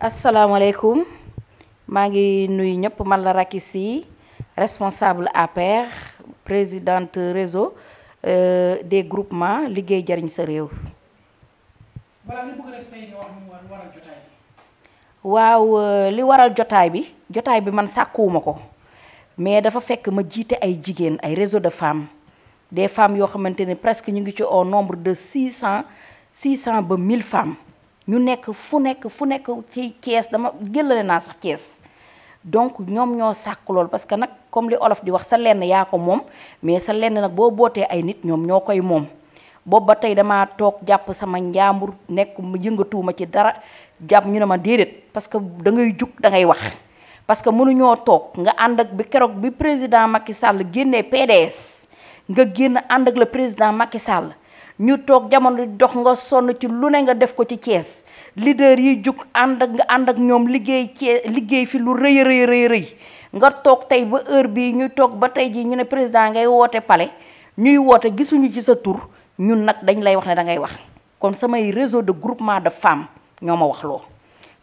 asalaamaaleykum maa ngi nuyu ñëpp man la Racky Sy responsable APR présidente réseau euh, de groupement liggéey jariñ sa réew. waaw euh, li waral jotaay bi jotaay bi man sàkkuwuma ko mais dafa fekk ma jiite ay jigéen ay réseau de femmes des femmes yoo xamante ne presque ñu ngi ci au nombre de six cent six cent ba mille femmes ñu nekk fu nekk fu nekk ci Thiès dama gëllale naa sax Thiès donc ñoom ñoo sàkk loolu parce que nag comme li olof di wax sa lenn yaa ko moom mais sa lenn nag boo bootee ay nit ñoom ñoo koy moom boobu ba tey damaa toog jàpp sama njàmbur nekk yëngatuuma ci dara jàpp ñu ne ma déedéet parce que da ngay jug dangay wax parce que mënuñoo toog nga ànd ak bi keroog bi président Macky sàll génnee PDS nga génn ànd ak la président Macky Sall ñu toog jamono dox nga sonn ci lu ne nga def ko ci Thiès leader yi jug ànd ak nga ànd ak ñoom liggéey Thiès liggéey fi lu rëy rëy rëy nga toog tey ba heure bii ñu toog ba tey jii ñu ne président ngay woote pale ñuy woote gisuñu ci sa tur ñun nag dañ lay wax ne da ngay wax kon samay réseau de groupement de femmes ñoo ma wax loo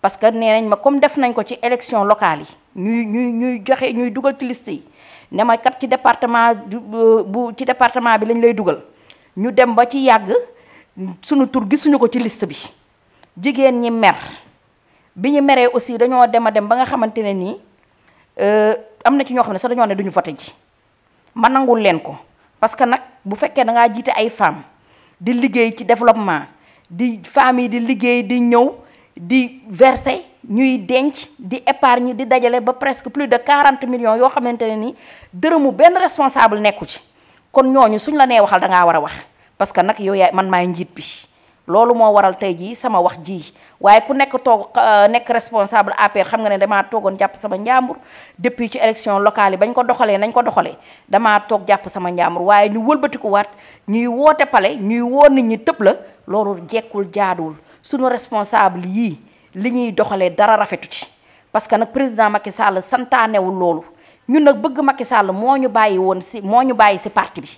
parce que nee nañ ma comme def nañ ko ci élection locale yi ñuy ñuy ñuy joxe ñuy dugal ci liste yi ne ma kat ci département euh, bu ci département bi lañ lay dugal ñu dem ba ci yàgg sunu tur gisuñu ko ci liste bi jigéen ñi mer bi ñu meree aussi dañoo dem a dem ba nga xamante ne nii euh, am na ci ñoo xam ne sax dañoo ne duñu voté ji ma nangul leen ko parce que nag bu fekkee da ngaa jiite ay femmes di liggéey ci développement di famille di liggéey di ñëw di verser ñuy denc di épargne di dajale ba presque plus de quarante millions yoo xamante ne ni dërëmu benn responsable nekku ci kon ñooñu suñ la nee waxal da ngaa war a wax parce que nag yow yaay man maay njiit bi loolu moo waral tey jii sama wax jii waaye ku nekk toog euh, nekk responsable APR xam nga ne damaa toogoon jàpp sama njàmbur depuis ci élection locale yi bañ ko doxalee nañ ko doxalee damaa toog jàpp sama njàmbur waaye ñu wëlbatikuwaat ñuy woote pale ñuy woo nit ñi tëb la loolu jekkul jaaduwul suñu responsable yii li ñuy doxalee dara rafetu ci parce que nag président Macky Sall santaanewul loolu ñun nag bëgg Macky Sall moo ñu bàyyi woon si moo ñu bàyyi si parti bi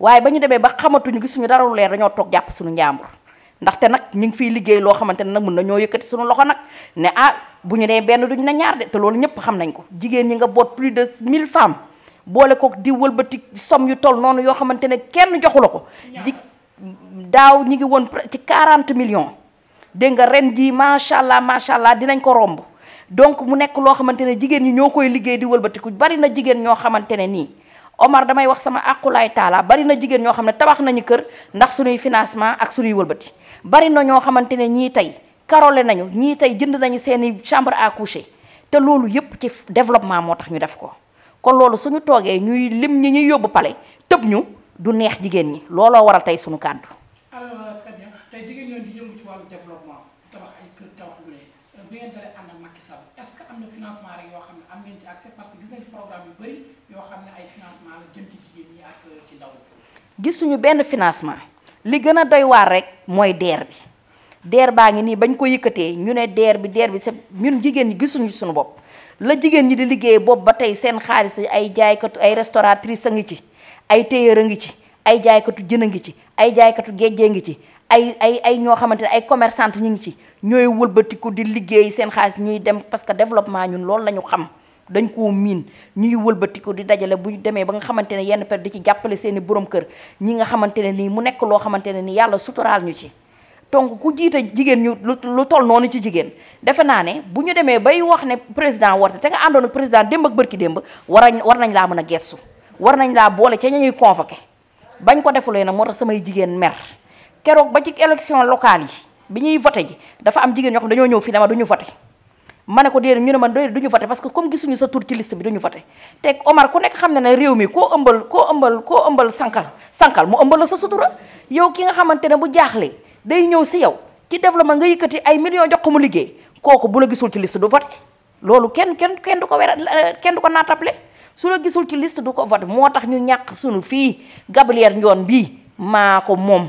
waaye ba ñu demee ba xamatuñu gisuñu dara lu dañoo toog jàpp suñu njàmbur ndaxte nag ñu ngi fiy liggéey loo xamante ne nag mën na ñoo yëkkati suñu loxo nag ne ah bu ñu nee benn ñu ne ñaar de te loolu ñëpp xam nañ ko jigéen ñi nga boot plus de 1000 femmes boole ko di walbatik somme yu toll noonu yoo xamante ne kenn joxu la ko ji daaw ñi ngi woon ci quarante million dégg nga ren jii macha allah macha allah dinañ ko romb donc mu nekk loo xamante ne jigéen ñi ñoo koy liggéey di wëlbatiku bari na jigéen ñoo xamante ne nii Omar damay wax sama àqulaay taala bari na jigéen ñoo xam ne tabax nañu kër ndax suñuy financement ak suñuy wëlbati bari na ñoo xamante ne ñii tey karole nañu ñii tey jënd nañu seeni chambre à coucher te loolu yépp ci développement moo tax ñu def ko kon loolu suñu toogee ñuy lim ñi ñuy yóbbu pale tëb ñu du neex jigéen ñi looloo waral tey suñu kàddu ay euh, euh, gisuñu benn financement li gën a doy waar rek mooy DER bi DER baa ngi nii bañ ko yëkkatee ñu ne DER bi DER bi c'est ñun jigéen ñi gisuñu sunu bopp la jigéen ñi di liggéey bopp ba tey seen xaalis ay jaaykatu ay restauratrice a ngi ci ay tailleur a ngi ci ay jaaykatu jën a ngi ci ay jaaykatu géejee ngi ci ay ay ay ñoo xamante ne ay commerçante ñu ngi ci ñooy wëlbatiku di liggéey seen xaalis ñuy dem parce que développement ñun loolu la xam dañ koo miin ñuy wëlbatiku di dajale bu ñu demee ba nga xamante ne yenn per di ci jàppale seeni i borom kër ñi nga xamante ne nii mu nekk loo xamante ne nii yàlla suturaal ñu ci donc ku jiite jigéen ñu lu toll noonu ci jigéen defe naa ne bu ñu demee bay wax ne président warte te nga àndoon ak président démb ak bërki démb war war nañ laa mën a gestu war nañ laa boole ca ñuy convoqué bañ ko defulee nag moo samay jigéen mer keroog ba ci élection locale yi bi ñuy voté ji dafa am jigéen ñoo xam dañoo ñëw fii ne ma duñu voté ma ne ko déedéet ñu ne man duñu voté parce que comme gisuñu sa tur ci liste bi duñu voté te Omar ku nekk xam ne ne réew mi koo ëmbal koo ëmbal koo ëmbal sankal sankal mu ëmbal la sa sutura yow ki nga xamante ne bu jaaxle day ñëw si yow ci développement nga yëkkati ay millions jox ko mu liggéey kooku bu la gisul ci liste du voté loolu kenn kenn kenn du ko wéra kenn du ko naatable su la gisul ci list du ko voté moo tax ñu ñàkk suñu fii Gabrielle Ndione bii maa ko moom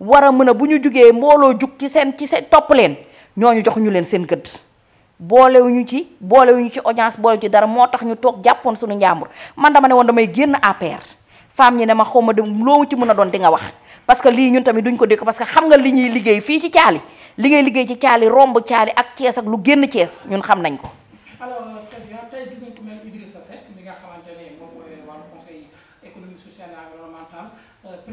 war a mën a bu ñu jugee mbooloo jug ci seen ci seen topp leen ñoo ñu jox ñu leen seen gëdd boolewuñu ci boolewuñu ci audience boolewu ci dara moo tax ñu toog jàppoon suñu njàmbur man dama ne woon damay génn APR femme ñi ne ma xaw ma de loo ci mën a doon di nga wax parce que lii ñun tamit duñ ko dégg parce que xam nga li ñuy liggéey fii ci caali liggéey liggéey ci caali romb caali ak Cees ak lu génn Cees ñun xam nañ ko. Euh,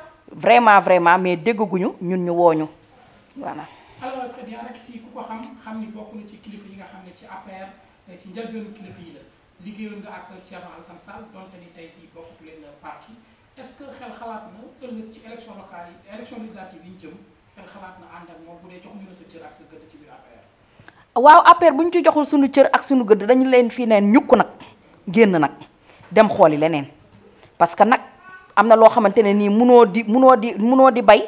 vraiment vraiment mais déggaguñu ñun ñu wooñu eh, ñu jëm waaw APR bu ñu ci joxul suñu cër ak suñu gëdd dañu leen fii neen ñukk nag génn nag dem xooli leneen parce nag. am na loo xamante ne nii munoo di munoo di munoo di bay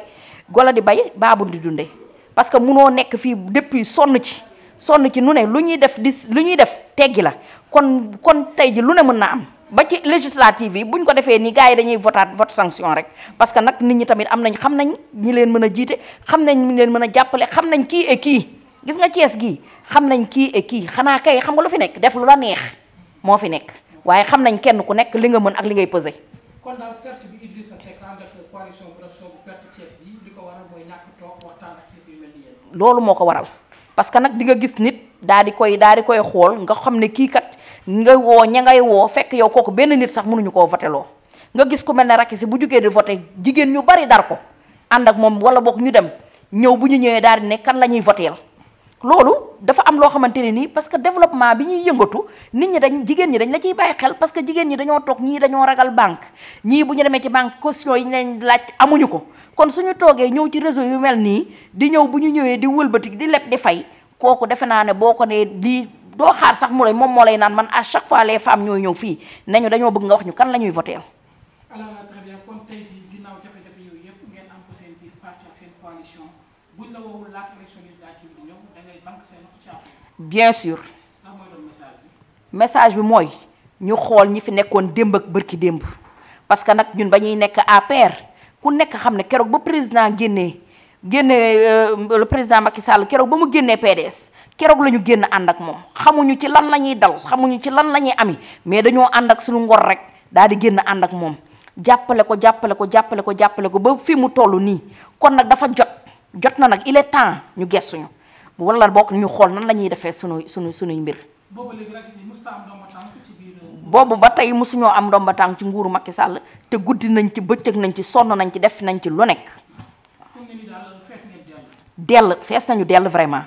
gola di bay baabu di dundee parce que munoo nekk fii depuis sonn ci sonn ci nu ne lu ñuy def di lu ñuy def teggi la kon kon tey ji lu ne mën na am ba ci législative yi buñ ko defee nii gars yi dañuy votaat vote sanction rek parce que nag nit ñi tamit am nañ xam nañ ñi leen mën a jiite xam nañ ñi leen mën a jàppale xam nañ kii et kii gis nga cees gii xam nañ kii et kii xanaa kay xam nga lu fi nekk def la neex moo fi nekk xam nañ kenn ku nekk li nga mën ak li ngay peser kon daal loolu moo ko waral parce que nag di nga gis nit daal di koy daal di koy xool nga xam ne kii kat nga woo ña ngay woo fekk yow kooku benn nit sax mënuñu koo voté nga gis ku mel ne rakk si bu jugee di voté jigéen ñu bari dar ko ànd ak moom wala boog ñu dem ñëw bu ñu ñëwee daal di ne kan la ñuy voté loolu dafa am loo xamante ne nii parce que développement bi ñuy yëngatu nit ñi dañ jigéen ñi dañ la ciy bàyyi xel parce que jigéen ñi dañoo toog ñii dañoo ragal banque ñii bu ñu demee ci banque caution yi ñu leen laaj amuñu ko kon suñu toogee ñëw ci réseau yu mel nii di ñëw bu ñu ñëwee di wëlbati di leb di fay kooku defe naa ne boo ko nee lii doo xaar sax mu moom moo lay naan man à chaque fois les femmes ñooy ñëw fii nañu dañoo bëgg nga wax ñu kan lañuy ñuy voteel bien sûr message bi mooy ñu xool ñi fi nekkoon démb ak bërki démb parce que nag ñun ba ñuy nekk APR ku nekk xam ne keroog ba président génnee génne euh, le président Macky Sall keroog ba mu génnee PDS keroog la ñu génn ànd ak moom xamuñu ci lan la ñuy dal xamuñu ci lan la ñuy ami mais dañoo ànd ak suñu ngor rek daal di génn ànd ak moom jàppale ko jàppale ko jàppale ko jàppale ko ba fi mu toll nii kon nag dafa jot jot na nag il est temps ñu gestuñu wala bokk ñu xool nan la ñuy defee sunuy sunu sunuy mbir. boobu euh, ba tey mosuñoo am ndomba tànk ci nguuru Macky sàll te guddi nañ ci bëccëg nañ ci sonn nañ ci def nañ ci lu nekk. dell fees nañu dell vraiment.